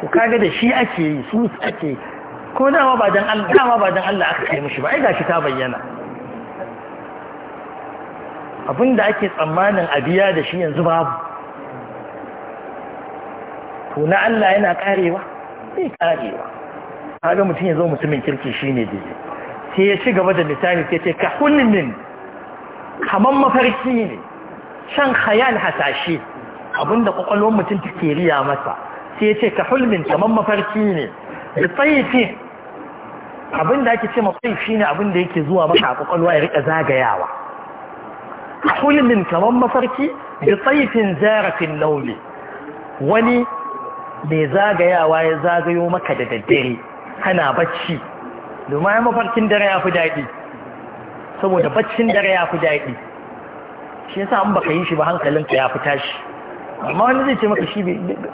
to kaga da shi ake yi su ake ko dama ba dan Allah dama ba dan Allah aka kai mishi ba ai gashi ta bayyana abinda ake tsammanin a biya da shi yanzu babu to na Allah yana karewa sai karewa kaga mutum ya zo mutumin kirki shine daidai sai ya ci gaba da misali sai ce ka hulmin kaman mafarki ne shan hayal hasashe abinda kwakwalwar mutum ke riya masa sai ya ce ka hulmin kaman mafarki ne da tsayifin abinda ake ce mafarki shine abinda yake zuwa maka a kwakwalwa ya rika zagayawa hulmin kamar mafarki da tsaifin zarafin lauli wani mai zagayawa ya zagayo maka da daddare hana bacci domin ya mafarkin dare ya fi daɗi saboda baccin dare ya fi daɗi shi ya sa an baka yi shi ba hankalinka ya fi tashi amma wani zai ce maka shi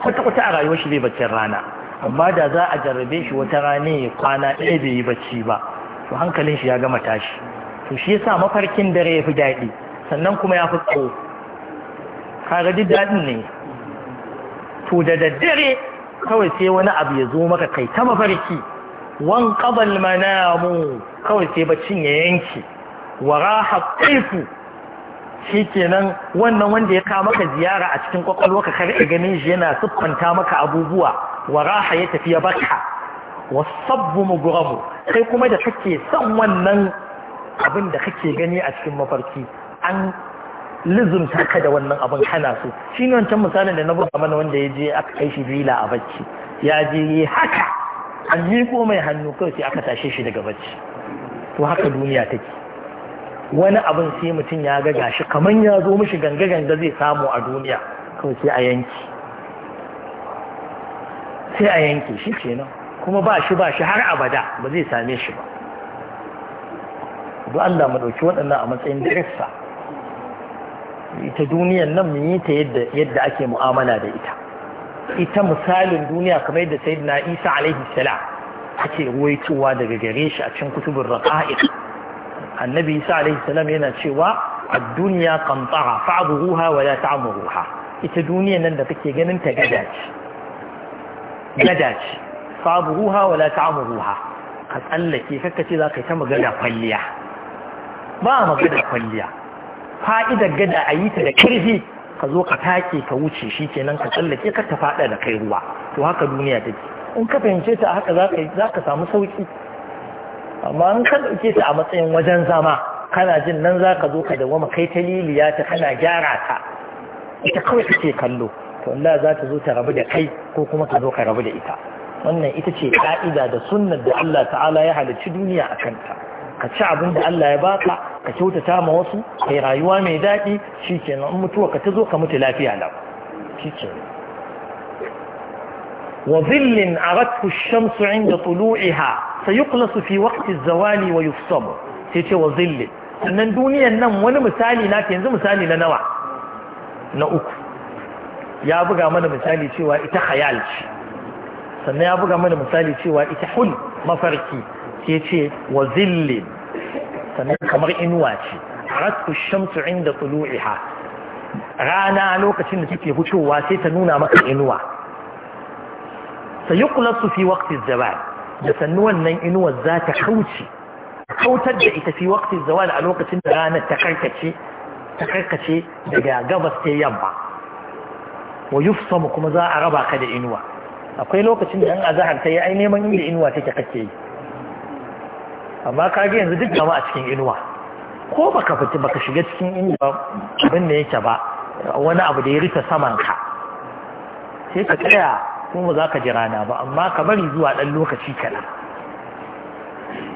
kwata-kwata a rayuwar shi bai baccin rana amma da za a jarrabe shi wata rane kwana ɗaya bai yi bacci ba to hankalin shi ya gama tashi to shi ya sa mafarkin dare ya fi daɗi sannan kuma ya fi tsawo kaga duk daɗin ne to da daddare kawai sai wani abu ya zo maka kai ta mafarki wan qabal manamu kawai sai baccin ya yanke wa raha qaifu shikenan wannan wanda ya kawo maka ziyara a cikin kwakwalwarka ka rike ganin shi yana siffanta maka abubuwa wa raha ya tafi ya barka wasabbu mugramu kai kuma da kake son wannan abin da kake gani a cikin mafarki an lizumta ka da wannan abin kana so shi ne wancan misalin da na buga mana wanda ya je aka kai shi vila a bacci ya je yi haka an miko mai hannu kawai sai aka tashe shi daga bacci to haka duniya take wani abin sai mutum ya ga gashi kamar ya zo mishi ganga ganga zai samu a duniya kawai sai a yanki sai a yanke shi kenan kuma ba shi ba shi har abada ba zai same shi ba duk Allah mu dauki waɗannan a matsayin darissa ita duniyan nan mu yi ta yadda ake mu'amala da ita ita misalin duniya kamar yadda sayyidina isa alaihi salam ake ruwaitowa daga gare shi a cikin kutubin raqa'iq annabi isa alaihi salam yana cewa ad-dunya qantara fa'buruha wa la ta'muruha ita duniyan nan da kake ganin ta gada ce gada ce fa'buruha wa la ta'muruha ka tsallake ce zaka yi ta magana kwalliya ba magana kwalliya fa'idar gada a yi ta da kirfi ka zo ka take ka wuce shi kenan ka tsallake ka ta faɗa da kai ruwa to haka duniya take in ka fahimce ta haka za ka samu sauki amma in ka ɗauke ta a matsayin wajen zama kana jin nan za ka zo ka dawama kai ta liliya ta kana gyara ta ita kawai kake kallo to Allah za ta zo ta rabu da kai ko kuma ta zo ka rabu da ita wannan ita ce ka'ida da sunnar da Allah ta'ala ya halicci duniya a kanta ka ci abin da Allah ya baka ka kyautata ma wasu kai rayuwa mai daɗi shi ke nan mutuwa ka ta zo ka mutu lafiya lau shi ke wa zillin a ratku shamsu inda tulu'iha sai yuklasu fi waqti zawali wa yufsamu sai ce wa zillin sannan duniyan nan wani misali na yanzu misali na nawa na uku ya buga mana misali cewa ita khayal ce sannan ya buga mana misali cewa ita hul mafarki ke ce wa zillin sannan kamar inuwa ce rasku shamsu inda tulu'iha rana lokacin da take fitowa sai ta nuna maka inuwa sayuqlasu fi waqti zawal da sannu wannan inuwa za ta kauce kautar da ita fi waqti zawal a lokacin da ranar ta karkace ta karkace daga gabas ta yamma wa yufsamu kuma za a raba ka da inuwa akwai lokacin da an azahar ta yi ai neman inda inuwa take kake yi amma kage yanzu duk jama'a cikin inuwa ko baka fita baka shiga cikin inuwa abin da yake ba wani abu da ya rita saman ka sai ka tsaya ko ba za ka ji rana ba amma ka bari zuwa ɗan lokaci kana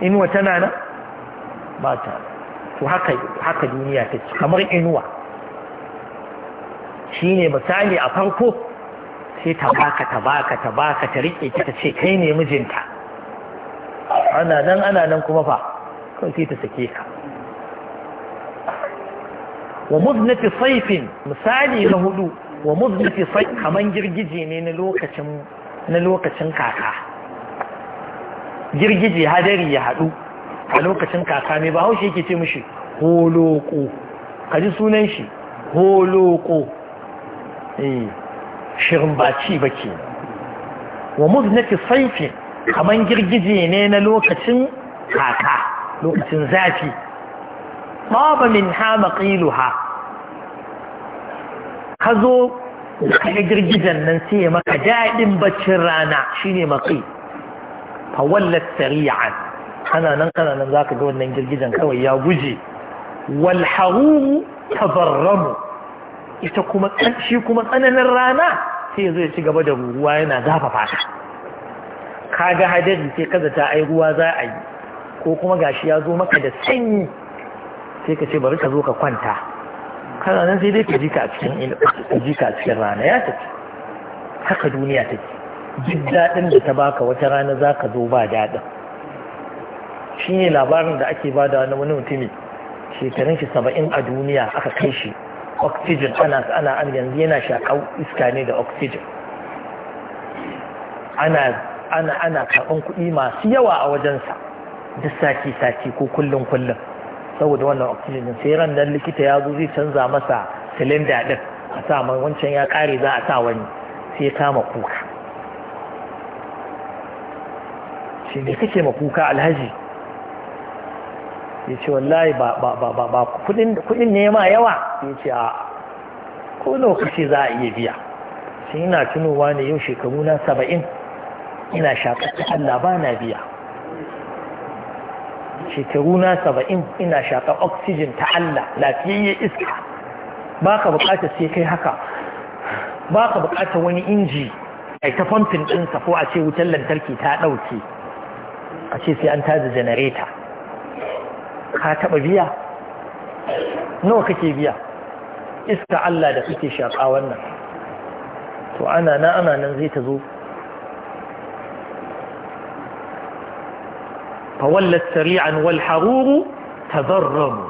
inuwa tana nan ba ta to haka haka duniya ta ce kamar inuwa shine misali a farko sai ta baka ta baka ta baka ta rike ta ce kai ne mijinta ana nan ana nan kuma fa kawai sai ta sake ka wa muznati saifin misali na hudu wa muznati saif kaman girgije ne na lokacin na lokacin kaka girgije hadari ya hadu a lokacin kaka mai ba haushe yake ce mishi holoko kaji sunan shi holoko eh shirin baci bake wa muznati saifin kaman girgije ne na lokacin kaka lokacin zafi taba min ha maqiluha ka zo kaga girgijen nan sai ya maka daɗin baccin rana shine maqi fa sari'an kana nan kana nan zaka ga wannan girgijen kawai ya guje wal haruru tabarramu ita kuma shi kuma tsananin rana sai ya zo ya ci gaba da ruwa yana zafafa ta ka ga hadari sai kaza ta ai ruwa za a yi ko kuma gashi ya zo maka da sanyi sai ka ce bari ka zo ka kwanta kana nan sai dai ka jika a cikin ka jika a cikin rana ya tafi haka duniya take duk daɗin da ta baka wata rana za ka zo ba daɗin shi ne labarin da ake ba da wani mutumi shekarun shi saba'in a duniya aka kai shi oxygen ana ana yanzu yana shaƙar iska ne da oxygen ana ana ana karɓan kuɗi masu yawa a wajensa duk sati sati ko kullum kullum saboda wannan oxygen din sai ran nan likita ya zo zai canza masa silinda ɗin. a sa mai wancan ya ƙare za a sa wani sai ya kama kuka shi ne kake ma kuka alhaji ya ce wallahi ba ba ba ba ba ne ma yawa ya ce a ko lokaci za a iya biya shi ina tunowa ne yau shekaru na saba'in ina shaƙar Allah ba na biya shekaru na saba'in ina shaƙar oxygen ta Allah lafiyayye iska ba ka buƙatar sai kai haka ba ka buƙatar wani inji a ta famfin ɗinsa ko a ce wutar lantarki ta ɗauke a ce sai an tada janareta ka taɓa biya nawa kake biya iska Allah da kake shaƙa wannan to ana na ana nan zai ta zo fawallat sari'an wal haruru tadarramu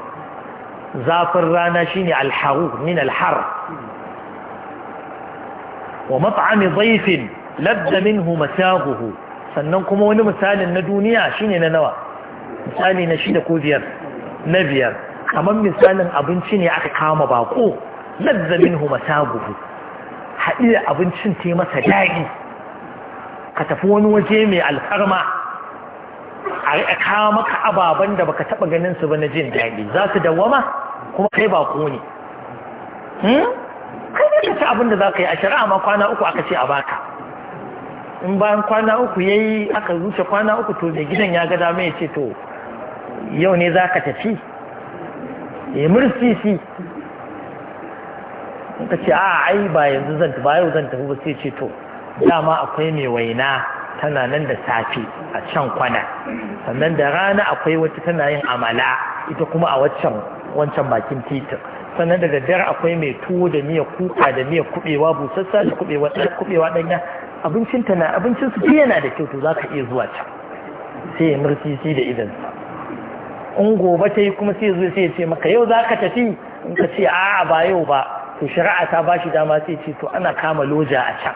zafin rana shine al harur min al har wa mat'ami dhayfin labda minhu masaguhu sannan kuma wani misalin na duniya shine na nawa misali na shida ko biyar na biyar kamar misalin abinci ne aka kama bako labda minhu masaguhu haɗiya abincin te masa daɗi ka tafi wani waje mai alfarma a kawo maka ababen da baka taɓa ganin su ba na jin daɗi za su dawama kuma kai ba ku ne hmm? kai ne ka ci abin da za ka yi a shari'a ma kwana uku aka ce a baka in bayan kwana uku ya yi aka zuce kwana uku to mai gidan ya gada mai ce to yau ne za ka tafi ya si ka ce a ai ba yanzu zan ba yau zan tafi ba sai ce to dama akwai mai waina tana nan da safe a can kwana sannan da rana akwai wata tana yin amala ita kuma a waccan wancan bakin titin sannan da daddare akwai mai tuwo da miya kuka da miya kubewa busassa da kubewa kubewa ya abincin tana abincin su yana da kyau to zaka iya zuwa can sai ya shi da idan in gobe ta yi kuma sai zo sai ya ce maka yau zaka tafi in ka ce a'a ba yau ba to shari'a ta bashi dama sai ce to ana kama loja a can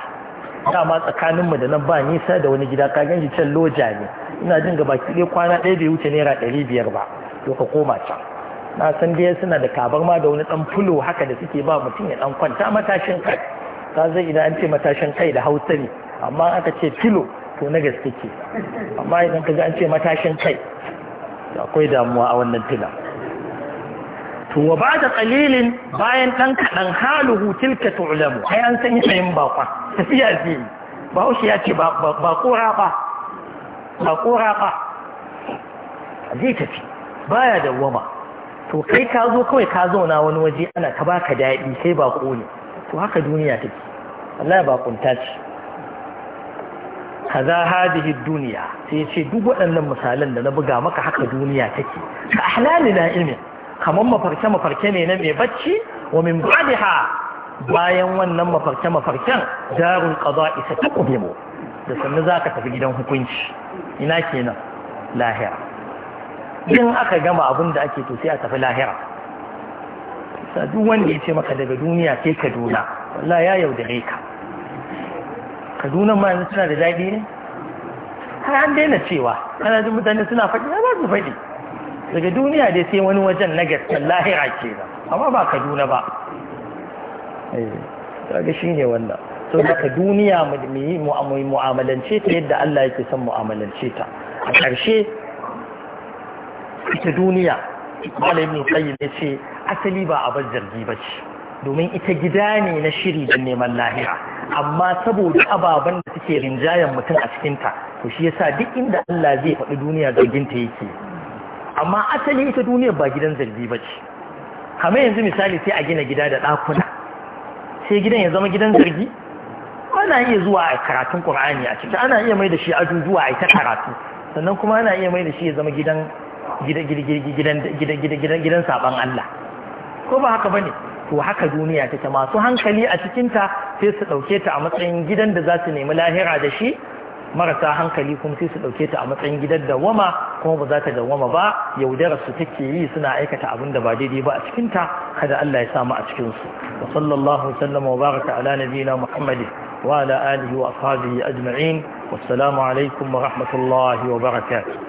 dama tsakaninmu da nan ba nisa da wani gida ka ganji can loja ne ina jin gaba ki dai kwana ɗaya bai wuce naira ɗari biyar ba to ka koma can na san dai suna da kabar ma da wani ɗan fulo haka da suke ba mutum ya ɗan kwanta matashin kai ka zai idan an ce matashin kai da hausa ne amma aka ce filo to na gaske ke amma idan ka ga an ce matashin kai akwai damuwa a wannan filan wa ba da kalilin bayan ɗan kaɗan haluhu tilka tu'lamu ai an san yanayin bakon tafiya ce ba ushe ya ce ba kora ba ba kora ba zai tafi baya da wama to kai ka zo kawai ka zauna wani waje ana ta baka daɗi kai ba ne to haka duniya take Allah ba kunta ce Ka za hadihi duniya sai ce duk waɗannan misalan da na buga maka haka duniya take ka ahlali na ilmin kamar mafarke mafarke ne na mai bacci wa min ba'daha bayan wannan mafarke mafarken darul qada'i sataqdimu da sannu zaka tafi gidan hukunci ina kenan lahira in aka gama abin da ake to sai a tafi lahira sa duk wanda ya ce maka daga duniya sai kaduna wallahi ya yaudare ka kaduna ma yanzu suna da daɗi ne har an daina cewa Kana jin mutane suna faɗi ya su faɗi daga duniya dai sai wani wajen na gaskan lahira ke nan amma ba kaduna ba daga eh, shi ne wannan sau daga duniya mu'amalance ta yadda Allah yake son mu'amalance ta a ƙarshe ita duniya malamin tsayi ne ce asali ba a bar jirgi ba ce domin ita gida ne na shiri don neman lahira amma saboda ababen da suke rinjayen mutum a cikinta to shi yasa duk inda Allah zai faɗi duniya ta yake amma asali ita duniya ba gidan zargi ba ce kamar yanzu misali sai a gina gida da ɗakuna sai gidan ya zama gidan zargi ana iya zuwa a karatun ƙur'ani a ciki ana iya mai da shi zuwa a ta karatu sannan kuma ana iya mai da shi ya zama gidan gidan saban Allah ko ba haka ba ne to haka duniya take masu hankali a cikinta sai su ɗauke ta a matsayin gidan da za su nemi lahira da shi marasa hankali kuma sai su ɗauke ta a matsayin gidan dawama kuma ba za ta dawama ba yaudarar su take yi suna aikata abin da ba daidai ba a cikin ta kada Allah ya samu a cikin su wa sallallahu sallama wa baraka ala nabiyina muhammad wa ala alihi wa ashabihi ajma'in wassalamu alaikum wa rahmatullahi wa barakatuh